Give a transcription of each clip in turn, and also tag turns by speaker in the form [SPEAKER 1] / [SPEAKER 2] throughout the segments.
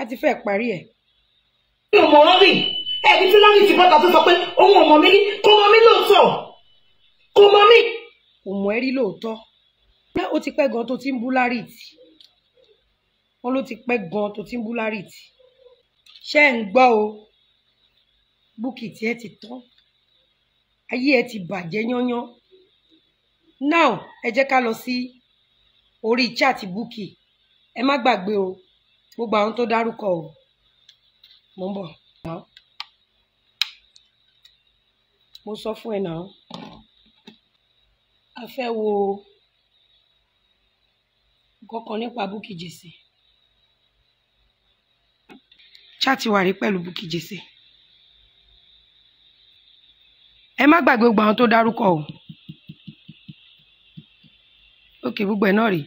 [SPEAKER 1] a ti fẹ́ parí ẹ̀. mi ò mọ̀ wọ́n rí ẹni tí lọ́rìn ti bọ́ta tó sọ pé òun ò mọ̀ mí rí kò mọ̀ mí lóòótọ́ kò mọ̀ mí. kò mọ̀ ẹ́ rí lóòótọ́ bẹ́ẹ̀ o ti pẹ́ gan tó ti ń bú lárìtì wọn ló ti pẹ́ gan tó ti ń bú lárìtì ṣé ń gbọ́ o Bukky tí ẹ ti tán ayé ẹ ti bàjẹ́ yányán now ẹ jẹ́ ká lọ sí orí chat Bukky ẹ má gbàgbé o gbogbo àwọn tó dárúkọ o mo ń bọ̀ mo sọ fún ẹ náà a fẹ́ wo kọ̀ọ̀kan nípa Bukky Jesse ṣáàtì wà rí pẹ̀lú Bukky Jesse ẹ má gbàgbé gbogbo àwọn tó dárúkọ o òkè gbogbo ẹ̀ náà rèé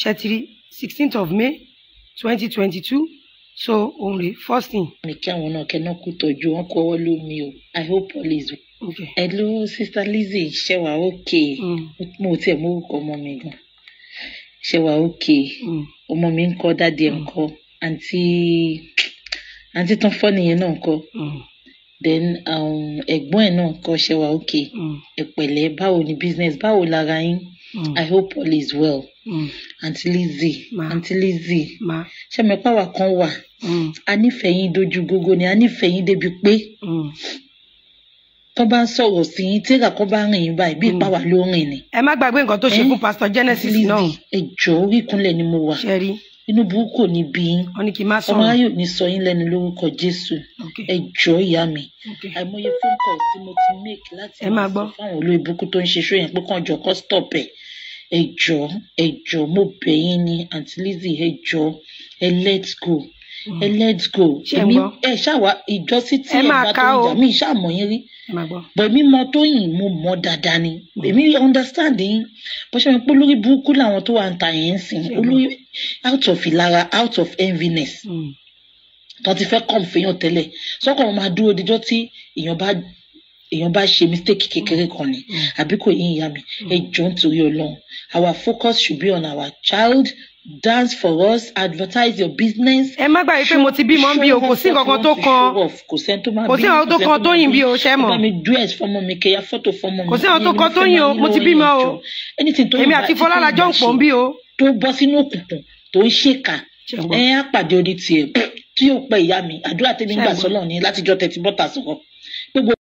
[SPEAKER 1] ṣẹ́tìrí sixteenth of May twenty twenty two so only first thing. ní kí àwọn náà kẹ́nà kú tọ́jú wọn kú ọwọ́ lómi o i hope all is well. Okay. hello sister Lizzie ṣẹwà òkè mm. mo tiẹ̀ mú orúkọ ọmọ mi gan ṣẹwà òkè mm. ọmọ mi ń kọ́ dáadé ẹ̀ ń mm. kọ́ àǹtí àǹtí tó ń fọ́ nìyẹn náà ń kọ́ then um, ẹ̀gbọ́n ẹ̀ náà kọ́ ṣẹwà òkè ẹ̀pẹ̀lẹ́ báwo ni business báwo lára yín i hope all is well àǹtí mm. Lizzy àǹtí Lizzy ṣẹ́mi pàwà kan wà mm. a nífẹ̀ẹ́ yín dojú gógó ni a nífẹ̀ẹ́ yín débi pé mm. tó bá ń sọ̀rọ̀ sí yín tí èkàkọ́ bá rìn yín báyìí bí ìpàwà ló rìn ni. ẹ má gbàgbé nǹkan tó ṣe eh, fún pásítọ̀ Genesis náà. ẹ jọ̀ọ́ orí ìkúnlẹ̀ ni mo wà inú burúkú ò ní bí yín ọmọ ayé ò ní sọ yín lẹ́nu lórúkọ Jésù ẹ jọ̀ọ́ ìyá mi àìmọye phone call tí mo ti make láti sọ fún àwọn olóyè burúkú tó ń ṣe ṣó pé kàn jọ kọ́ stop ẹ̀ ẹ jọ̀ọ́ ẹ jọ̀ọ́ mo bẹ̀ yín ni àǹtí Lizzy ẹ ẹ let go ẹ mm. let's go èmi ẹ ṣàwà ìjọ títí ẹ bá tó ìjà mi ṣàmọ yín rí bọ èmi mọ tó yìn mo mọ dáadáa ni mm. èmi understand yín bó ṣe wọn pé olórí burúkú làwọn tó wà ń ta yẹn ń sìn olórí out of ìlara out of enviness mm. tó ti fẹ́ kàn fẹ́yàn tẹ́lẹ̀ sọ́kàn wọn máa dúró díjọ́ tí èèyàn bá èèyàn bá ṣe mistake kékeré kan ni mm. Mm. àbí kò yí ìyá mi ẹ mm. jọ nítorí Ọlọ́run our focus should be on our child dance for us advertise your business. ẹ má gbàgbé pé mo ti bímọ bí o kò sí nǹkan tó kan kò sí nǹkan tó kan tó yìn bí o ṣe mọ kò sí nǹkan tó kan tó yìn o mo ti bímọ o èmi àti Fọlá la jọ ń pọ̀ ń bí o. tó bọ́ sínú òkùnkùn tó ń ṣèkà ẹ á pàdé orí tiẹ̀ tí yóò pẹ́ ìyá mi àdúrà tẹ́mi gbà sọ́lọ́ ni látijọ́ tẹ́tí bọ́tà sọ̀rọ̀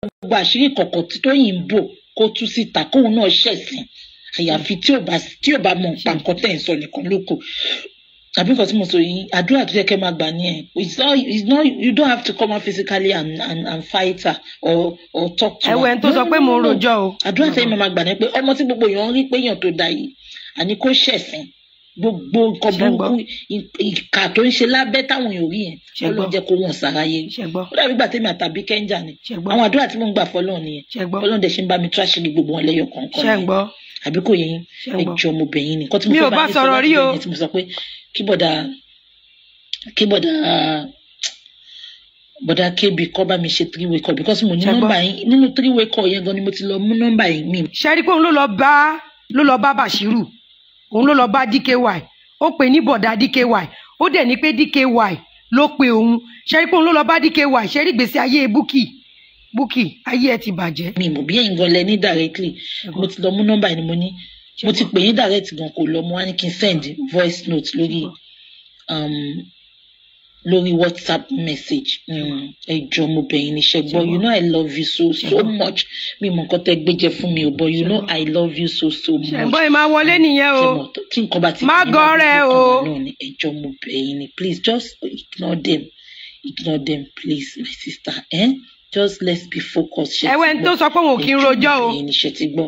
[SPEAKER 1] gbogbo àṣírí kọ̀kọ̀ tí Tóyìn ń bò kó tú síta kóun náà ṣẹ̀sìn àyàfi tí ò bá tí ò bá mọ̀ nípa nǹkan tẹ̀ ń sọ nìkan ló kù àbí nǹkan tí mo sọ yìí àdúrà tó yẹ kẹ́ máa gbà nìyẹn it's not you don't have to come out physically and and and fight her or or talk to her. ẹ̀wẹ̀ tó sọ pé mo rojọ́ o. àdúrà tẹ́yìn mm. máa gbà ní pé ọmọ tí gbogbo èèyàn ń rí pé èèyàn tó da yìí àní kó ṣẹ̀sìn gbogbo nǹkan burúkú ìkà tó ń ṣe lábẹ́ táwọn èèyàn rí yẹn Ọlọ́run jẹ́ kó wọ́n sáráyé ó dàbí gbà tèmi àtàbí kẹ́ńjà ni àwọn àdúrà tí mò ń gbà fọlọ́run nìyẹn Ọlọ́run dẹ̀ ṣe ń bá mi tó àṣírí gbogbo wọn lẹ́yọ kọ̀ọ̀kan ni àbí kò yẹn ẹjọ́ ọmọbìnrin ni nǹkan tí mo fẹ́ bá yín sọ̀rọ̀ tí mo sọ pé kí bọ̀dà bọ̀dà kébì kọ́ bá mi ṣe three way call because mo ní nọ́mbà yín nínú three way call yẹn gan ni mo ti lọ mú nọ́mbà yín mi. ṣe é rí pé òun ló lọ bá ló lọ bá Bàṣírù òun ló lọ bá dky ó pè ní bọ̀dá dky ó dẹ̀ ní pé dky ló pe òun ṣẹ́rí pé òun ló lọ bá dky ṣẹ́rí gbèsè ayé búkì búkì ayé ẹ ti bàjẹ́. mi mọ̀ bí ẹ̀yin gan lẹ ní directly mo ti lọ mú nọ́mbà ni mo ní mo ti pè yín direct gan kò lọ mo wá ní kí n send voice note lórí um, lórí whatsapp message ẹ jọ mo bẹ̀yìn níṣẹ́ gbọ́ you know i love you so so much mi mọ̀ nǹkan tẹ́ gbé jẹ fún mi o but you know i love you so so much. ṣùgbọ́n ẹ máa wọlé nìyẹn o tí nǹkan bá ti kí ní ọ̀rọ̀ ẹ jọ mo bẹ̀yìn ni please just ignore them ignore them please my sister. Eh? just let's be focused. ẹ wẹ́n tó sọ pé òun kì í rojọ́ o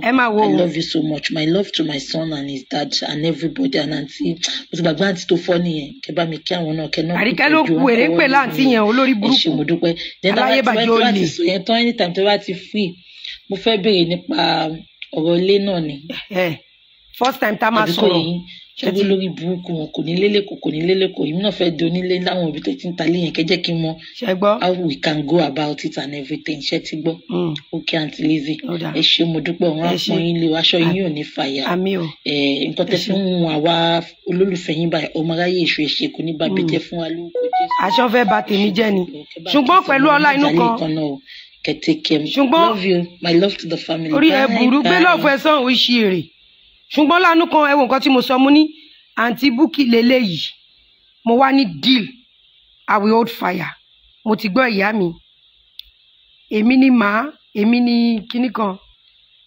[SPEAKER 1] ẹ máa wo I love you so much my love to my son and his dad and everybody and aunty mo ti gbàgbé àǹtí tó fọ́ nìyẹn kẹ bá mi kí àwọn náà kẹ náà kó tẹ̀jú wọn kọ́ wọ́n pẹ̀lú àǹtí yẹn olórí burúkú aláyébàjẹ́ olè. then tó bá ti sọ yẹn tán anytime tó bá ti free mo fẹ́ béèrè nípa ọ̀rọ̀ ilé náà ni first time tá a máa sọ̀rọ̀. ṣẹ́gun lórí burúkú wọn kò ní lélẹ́kọ̀ọ́ kò ní lélẹ́kọ̀ọ́ èmi náà fẹ́ẹ́ donílé láwọn ibi tó ti ń ta yẹn kẹ́jẹ́ kí n mọ how we can go about it and everything ṣẹ́ ti gbọ́. Mm. okay aunty Lizzy ẹ ṣe mo dúpẹ́ òun àpọ̀ yín lé o aṣọ yín ò ní fàyà nǹkan tẹ́ fi ń àwa olólùfẹ́ yín báyìí ọmọ aráyé èṣù èṣe kò ní bàbí mm. jẹ́ fún wa lórúkọ Jésù. aṣọ fẹ́ bà tèmi jẹ́ ni ṣùgbọ́n pẹ̀lú ọlá inú kan kẹ̀tẹ̀kẹ̀ orí ẹ burú gbé lọ́ọ̀fù ẹ sọ̀rọ̀ ìṣirè ṣùgbọ́n láàánú kan ẹ wo nǹkan tí mo sọ mo ní àǹtí búkì lélẹ́yìí mo wá ní deal i will hold fire mo ti gbọ́ ìyá mi èmi ni màá èmi ni kinní kan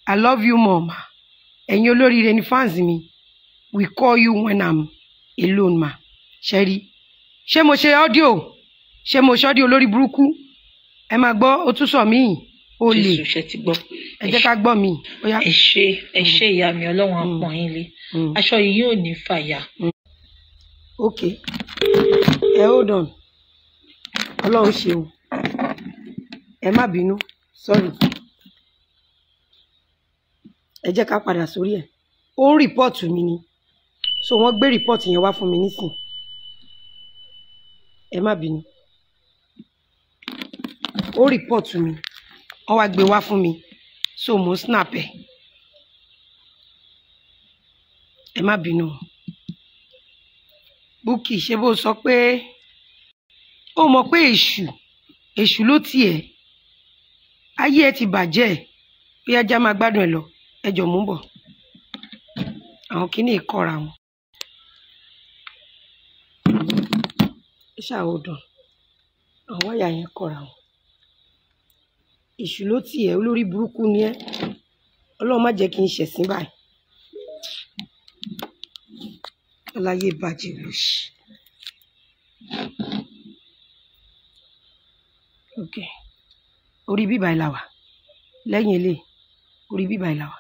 [SPEAKER 1] i love you mama ẹ̀yin olóríire ni fans mi we call you when i'm alone ma ṣe rí ṣé mo ṣe ọ́díò ṣé mo ṣe ọ́díò lórí burúkú ẹ máa gbọ́ ó tún sọ míì olè ṣe ti gbọ́. ẹ jẹ́ ká gbọ́ mi. ẹ ṣe mm. ìyá mi ọlọ́run apọ̀ mm. yín lé mm. aṣọ yìí yóò ní fàyà. ok ẹ hold on ọlọ́run ṣeun ẹ má bínú sorry ẹ jẹ́ ká padà sórí ẹ̀ ó ń rìpọ́ọ̀tù mi ni so wọ́n gbé rìpọ́ọ̀tù yẹn wá fún mi nísìn ẹ má bínú ó rìpọ́ọ̀tù mi wọ́n wá gbé wá fún mi so mo snap ẹ̀ ẹ má bínú Bukky ṣé bó sọ pé ó mọ̀ pé èṣù èṣù ló tiẹ̀ ayé ẹ ti bàjẹ́ bí ajá máa gbádùn ẹ lọ ẹjọ mú bọ̀ àwọn kìíní kọra wọn ṣàwòdàn àwọn wáyà yẹn kọra wọn èṣù ló tì ẹ́ olórí burúkú ni ẹ́ ọlọ́run má jẹ́ kí n ṣẹ̀sín báyìí aláyé bàjẹ́ olóṣì. Okay. orí bíbá ìlà wà lẹ́yìn ilé orí bíbá ìlà wà.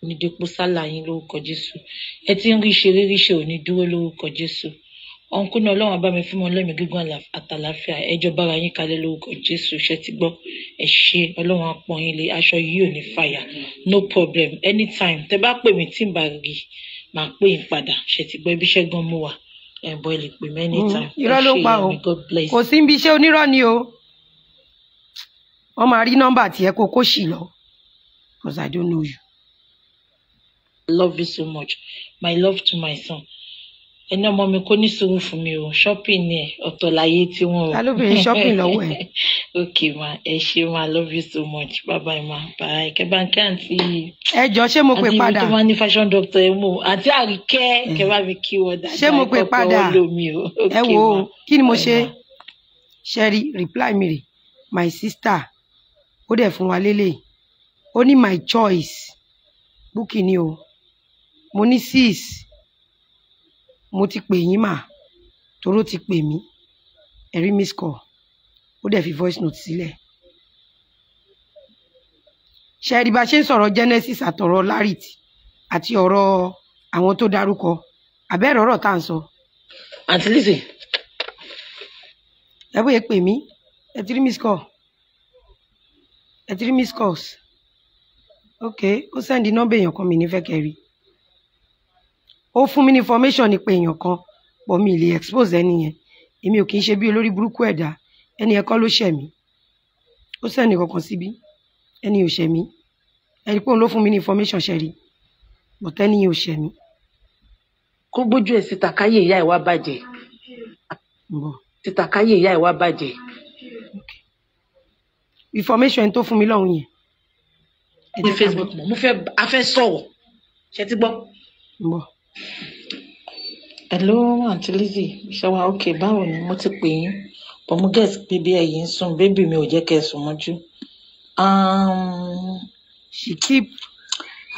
[SPEAKER 1] onídẹ̀pọ̀ sálà yín lórúkọ jésù ẹ ti ń rí ṣe rírí ṣe ò ní dúró lórúkọ jésù ọ̀nkú náà ọlọ́run bá mi fún wọn lẹ́mìí gígùn àtàlàfíà ẹjọ́ bára yín kalẹ̀ lórúkọ jésù ṣe ti gbọ́ ẹ ṣe ọlọ́run apọ̀ yín lé aṣọ yìí ò ní fàyà no problem anytime tẹ bá pè mí tí n bá rí màá pè yín padà ṣe ti gbọ́ ibi iṣẹ́ gan mú wa ẹ̀ bọ́ ẹ lè pè mí anytime mm, irọ́ ló pa o kò sí ibi iṣẹ́ onírọ́ ni o wọ́n máa rí nọ́mbà tiẹ̀ kó kó sì lọ because I don't know you. I love you so much my love to my son ẹni ọmọ mi kò ní sùúrù fún mi o shopping ni ẹ ọ̀tọ̀ láyé tí wọn o. alóbìnrin shopping lọ́wọ́ ẹ̀. ok ma ẹ ṣe ma love you so much bye bye ma bye kẹbàǹkẹ àǹtí. ẹ jọ ṣé mo pè padà àǹtí mi tó máa ní fashion doctor ẹ mú o àǹtí àríkẹ́ kẹbà mi kí wọn dáadáa ṣé mo pè padà ẹ wò ó kí ni mo ṣe ṣe rí reply mi rè my sister ó dẹ̀ fún wa lélẹ̀ ó ní my choice búkì ni o mo ní sis mo ti pè yín mà toró ti pè mí ẹ̀rí miss call ó dẹ̀ fi voice note sílẹ̀ ṣẹ́ẹ́rì bá ṣe ń sọ̀rọ̀ genesis àtọ̀rọ̀ larity àti ọ̀rọ̀ àwọn tó darúkọ àbẹ́rẹ̀ ọ̀rọ̀ tá à ń sọ. àǹtí lizzie. ẹ bóyá pè mí ẹ ti rí miss call ẹ ti rí miss calls ok ó sẹ́ndí nọ́mbà èèyàn kan mi ní fẹ́ ó fún mi ní information nípa èèyàn kan pọ̀ mi lè expose ẹni yẹn èmi ò kì í ṣe bí olórí burúkú ẹ̀dá ẹni yẹn kọ́ ló ṣẹ̀ ó sẹ́ni kankan síbí ẹni ò ṣẹ̀ ẹni pé òun ló fún mi ní information ṣẹ̀rí bọ̀tẹ́ ni ò ṣẹ̀ mí. kó gbójú ẹ̀ síta káyé ìyá ẹ̀ wá bàjẹ́ síta káyé ìyá ẹ̀ wá bàjẹ́. information tó fún mi lọ́hùn yẹn. Facebook mo fẹ́ a fẹ́ sọ̀wọ̀ ṣe ti gbọ́. Hello Aunty Lizzy, ṣé wà okay? Báwo ni? Mo ti pè yín, but mo guess pé bí sùn, baby mi ò jẹ́ kẹ́ sùn mọ́jú. Um, She keep.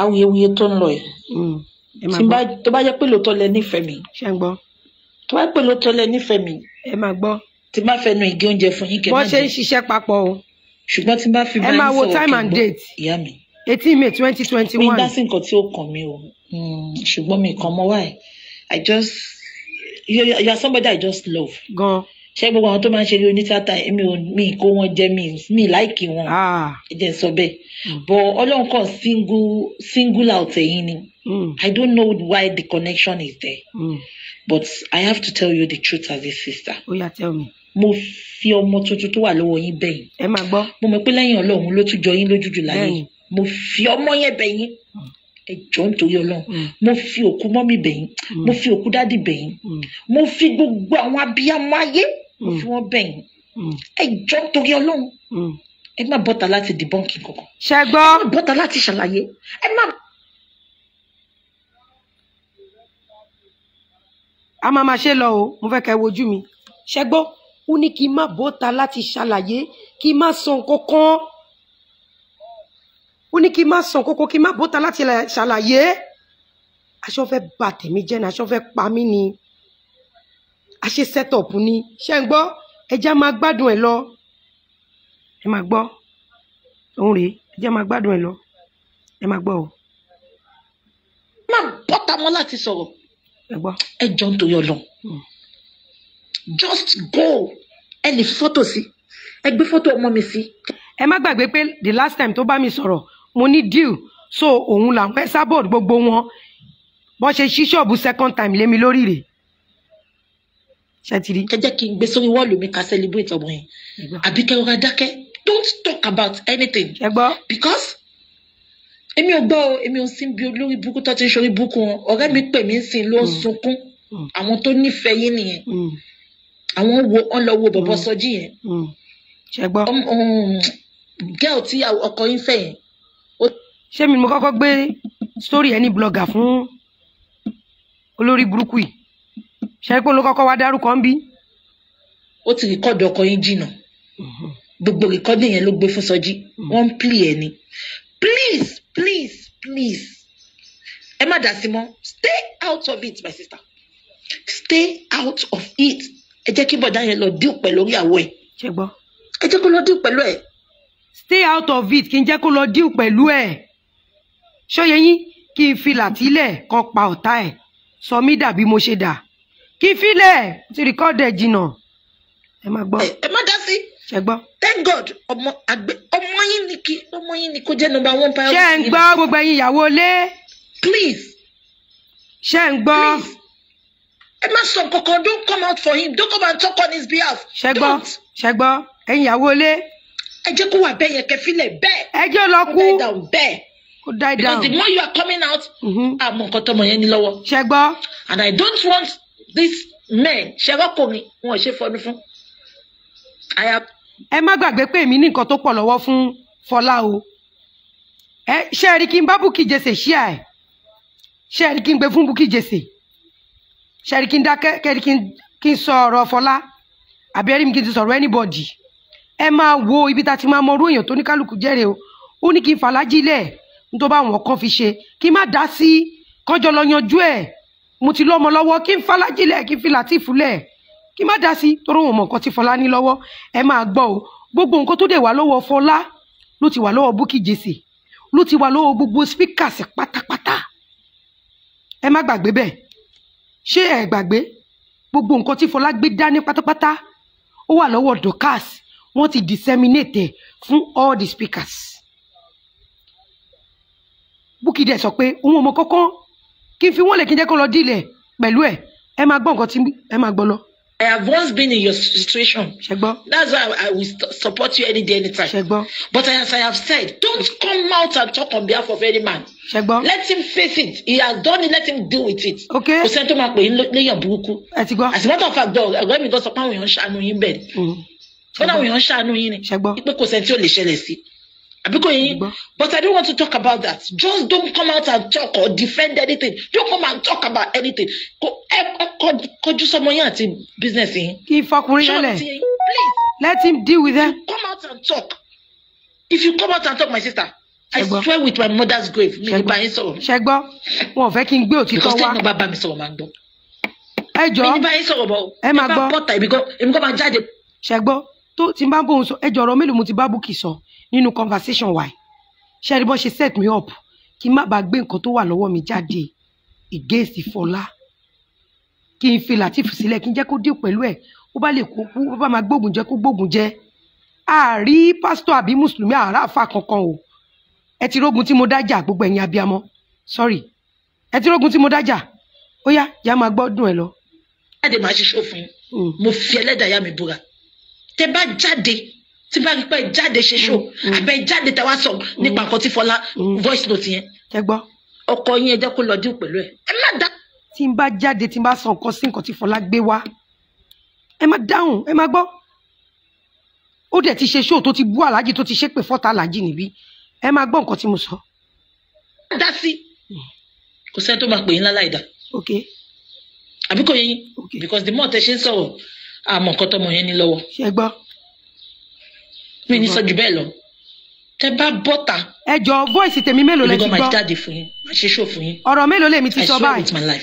[SPEAKER 1] awuyewuye tó ń lọ yìí, Mm. Ẹ máa tí n gbọ́. bá tó bá jẹ́ pé lóòótọ́ lẹ nífẹ̀ẹ́ mi, Ṣé ń gbọ́? tó bá jẹ́ pé lóòótọ́ lẹ nífẹ̀ẹ́ mi, Ẹ máa gbọ́. tí n bá fẹnu ìgé oúnjẹ fún yín kẹ́ ẹ Bọ́ má ṣe ń bínú. ṣiṣẹ́ papọ̀ o. Ṣùgbọ́n tí n bá fi máa yín wo sọ̀rọ̀ time kẹ́ ìyá mi, eighteen May twenty twenty mi dá one. sí nǹkan tí ó kàn mí o, Hmm, ṣùgbọ́n mi kàn mọ́ wáyé i just you, you are somebody i just love. gan. ṣé gbogbo àwọn tó máa ń ṣe eré onítìátà mi ò mi kó wọn jẹ mi mi láìkí wọn ah. ẹ jẹ́ sọ bẹ́ẹ̀ hmm. bọ Ọlọ́run kan single single out ẹ̀yin ni hmm. i don't know why the connection is there mm. but i have to tell you the truth as a sister. Oh yeah. tell me mo fi ọmọ tuntun tó wà lọ́wọ́ yín bẹ̀ mo mọ̀ pé lẹ́yìn ọlọ́run ló tún jọ yín lójú jù láyé mo fi ọmọ yẹn bẹ̀ yín ẹjọ nítorí Ọlọ́run mm. mo fi òkú mọ́mì bẹ̀yín mm. mo fi òkú dádì bẹ̀yín mm. mo fi gbogbo àwọn abiyamọ ayé mo fi wọn bẹ̀yín ẹjọ nítorí Ọlọ́run ẹ má bọ́ta láti dìbọ́ǹkì kankan ṣe gbọ́ ẹ má bọ́ta láti ṣàlàyé ẹ má. a máa ma ṣe lọ o mo fẹ́ ka ẹ wojú mi ṣe gbọ́ ó ní kí n má bọ́ta láti ṣàlàyé kí n má sọ nǹkan ó ní kí n má sàn kókó kí n má bọ́ta láti ṣàlàyé aṣọ fẹ́ bà tèmi jẹ́ ni aṣọ fẹ́ pa mí ni aṣe setup ni ṣe ń gbọ́ ẹja máa gbádùn ẹ lọ ẹ máa gbọ́ òun rèé ẹja máa gbádùn ẹ lọ ẹ máa gbọ́ o. ẹ máa bọ́ta wọn láti sọ̀rọ̀ ẹ jọ ń toyọ lọ hmm. just go ẹ lè fi fọ́tò sí ẹ gbé fọ́tò ọmọ mi sí. ẹ má gbàgbé pé the last time tó bá mi sọ̀rọ̀ mo ní deal so òun làwọn Esabod gbogbo wọn bọ́n ṣe ṣí ṣọ́ọ̀bù second time lémi lórí rẹ̀ ṣàtìrí. ẹ jẹ́ kí n gbé sórí wọ́ọ̀lù mi ká celebrate ọmọ yẹn àbí kẹrọra dákẹ́ don't talk about anything. ẹ gbọ́. because èmi ò gbọ́ o èmi ò sí bí olórí burúkú tó ti ń ṣorí burúkú wọn ọ̀rẹ́ mi pè mí sí ló ń mm. sunkún mm. àwọn tó nífẹ̀ẹ́ yín nìyẹn mm. àwọn wo wọn lọ wo bọ̀bọ̀ sọjí yẹn. ṣẹgbọ́. Um, girl tí ọkọ yín fẹ́ yẹn ṣé mi mo kọ́kọ́ gbé sórí ẹni blogger fún olórí burúkú yìí ṣe pé ló kọ́kọ́ wá dárúkọ ń bí. ó ti rìkọ́dù ọkọ yín jìnnà mhm. gbogbo rìkọ́dù yẹn ló gbé fún sọjí mhm. wọ́n pìlì ẹ̀ ni please please please ẹ má dà sí mọ́ stay out of it my sister stay out of it ẹ jẹ́ kí bọ̀dá yẹn lọ díù pẹ̀lú orí àwọ̀ ẹ̀. ṣe gbọ́. ẹ jẹ́ kó lọ díù pẹ̀lú ẹ̀. stay out of it kí n jẹ́ kó lọ díù pẹ̀lú ẹ̀ ṣóye yín kí n fi làtílẹ̀ kan pa ọ̀tá ẹ̀ sọ mí dà bí mo ṣe dà kí n filẹ̀ ti rìkọ́dẹ̀ jìnnà ẹ má gbọ́. ẹ má dá sí. ṣe gbọ́. thank god ọmọ àgbẹ̀ ọmọ yín ni kí ọmọ yín ni kó jẹ́ nọ́mbà one priority. ṣé ń gbọ́ gbogbo ẹ̀yin ìyàwó ilé. please. ṣé ń gbọ́. please ẹ má sọ kankan don't come out for him don't come and talk on his behalf. ṣẹgbọ́ ṣẹgbọ́ ẹ̀yin ìyàwó ilé. ẹ jẹ́ kó wà bẹ́ẹ̀ yẹn kẹfílẹ̀ bẹ́ẹ̀. ẹ jẹ́ lọ kú die down because the more you are coming out àmọ́ mm-hmm. nǹkan tọmọ yẹn ní lọ́wọ́ ṣe gbọ́ and i don't want this men ṣe rọ́pò mi wọn ò ṣe fọdún fún i have. ẹ má gbàgbé pé èmi ní nǹkan tó pọ̀ lọ́wọ́ fún fọlá o ẹ ṣe é rí kí n bá búkì jèsè ṣí à ẹ ṣe é rí kí n gbé fún búkì jèsè ṣe é rí kí n dákẹ́ kẹ́ kí n sọ ọ̀rọ̀ fọlá àbí ẹ rí mi kí n ti sọ̀rọ̀ anybody ẹ máa wo ibi tá a ti máa mọ orú èèyàn tó ní kálukú jẹ́rẹ̀ o ó ní kí n fàlájì lẹ̀ ní tó bá wọn kàn fi ṣe kí má dá sí kọjọ lọ yanjú ẹ̀ mo ti lọ́mọ lọ́wọ́ kí n falájílẹ̀ kí n fi làtìfù lẹ̀ kí má dá sí torí wọn mọ nǹkan tí fọlá ní lọ́wọ́ ẹ máa gbọ́ o gbogbo nǹkan tó dẹ̀ wà lọ́wọ́ fọlá ló ti wà lọ́wọ́ Bukky Jesse ló ti wà lọ́wọ́ gbogbo speakers pátápátá ẹ má gbàgbé bẹ́ẹ̀ ṣé ẹ gbàgbé gbogbo nǹkan tí fọlá gbé dání pátápátá ó wà lọ́wọ́ Dorkas wọ́n ti disseminate fún all the speakers. Bukky sọ pé òun ò mọ kí n fi wọ́n lè kí n jẹ́ kó lọ dílẹ̀ pẹ̀lú ẹ̀ ẹ máa gbọ́ nǹkan tí ẹ máa gbọ́ lọ. I have once been in your situation. Shegbo. That's why I, will support you any day, anytime. Shegbo. But as I have said, don't come out and talk on behalf of any man. Shegbo. Let him face it. He has done it. Let him deal with it. Okay. Kò sẹ́ni tó máa pè é léyàn burúkú. Ẹ ti gbọ́. As a matter of fact, ọ̀gá mi gan sọ pé àwọn èèyàn ń ṣàánú yín bẹ́ẹ̀. Mm. Ó dáwọn èèyàn ń ṣàánú yín ni. Shegbo. Ipe kò sẹ́ni tí ò lè ṣẹlẹ̀ sí. Abigoyin, but I don't want to talk about that. Just don't come out and talk or defend anything. Don't come and talk about anything. Kojú sọmọ yẹn àti business yẹn. Kì í fọkùnrin yẹn lẹ̀. Please. Let him deal with them. Come out and talk. If you come out and talk, my sister, I Shegbo. swear with my mother's grave. Mi ni bá yín sọ̀rọ̀. Ṣẹgbọ́, wọn ò fẹ́ kí n gbé òtítọ́ wá. Because tẹ́lẹ̀ náà bá bá mi sọ̀rọ̀ máa ń gbọ́. Ẹ jọ. Mi ni bá yín sọ̀rọ̀ bọ̀. Ẹ máa gbọ́. Ẹ bá pọ̀ta èmi kọ́ máa jáde. Ṣẹgbọ́, tó ti bá bóun sọ, ẹ jọ̀rọ̀ mélòó mo ti bá Bukky sọ nínú conversation wa ṣe rí bọ́n ṣe set me up kí n má bàa gbé nǹkan tó wà lọ́wọ́ mi jáde against Fọlá kí n fi Latif sílẹ̀ kí n jẹ́ kó dé pẹ̀lú ẹ̀ ó bá lè kó kú ó bá máa gbógun jẹ kó gbógun jẹ àárí pásítọ̀ àbí mùsùlùmí àárá kankan o ẹ ti rógun tí mo dájà gbogbo ẹ̀yin abiyamọ sorry ẹ ti rógun tí mo dájà ó yá yá máa gbọ́dún ẹ lọ. jáde máa ṣiṣọ́ fún yín mo fi ẹlẹ́dàá yá mi búra tẹ bá jáde tí bá rí pé jáde ṣe ṣó mm. mm. àbẹ jáde tẹ wá sọ nípa mm. nǹkan tí Fọlá voice note yẹn. ẹ gbọ́. ọkọ yín ẹ jẹ́ kó lọ dín pẹ̀lú ẹ ẹ má dá. tí n bá jáde tí n bá sọ nǹkan sí nǹkan tí Fọlá gbé wá ẹ má dáhùn ẹ má gbọ́. ó dẹ̀ ti ṣe ṣó tó ti bú aláàjì tó ti ṣépè fọ́tà aláàjì níbí ẹ má gbọ́ nǹkan tí mo sọ. dá sí kò sẹ́ni tó máa pè yín láláì dá. ok. àbí yín. ok because the more tẹ ṣe ń sọ̀rọ̀ àmọ̀ nǹkan tọmọ yẹn ní lọ́wọ́. ṣe gbọ́ mi ní sọ jù bẹ́ẹ̀ lọ tẹ bá bọ́ta. ẹ jọ voice tèmi mélòó lẹ ti gbọ́. olùkọ́ mélòó lèmi ti sọ báyìí.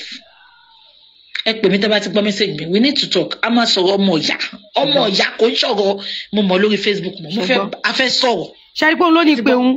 [SPEAKER 1] ẹ pè mí tẹ bá ti gbọ́ message mi we need to talk a máa sọ̀rọ̀ ọmọ ọ̀yà ọmọ ọ̀yà kò ń sọ̀rọ̀ mo mọ̀ lórí Facebook mo fẹ́ a fẹ́ sọ̀rọ̀. ṣe é pé òun pé òun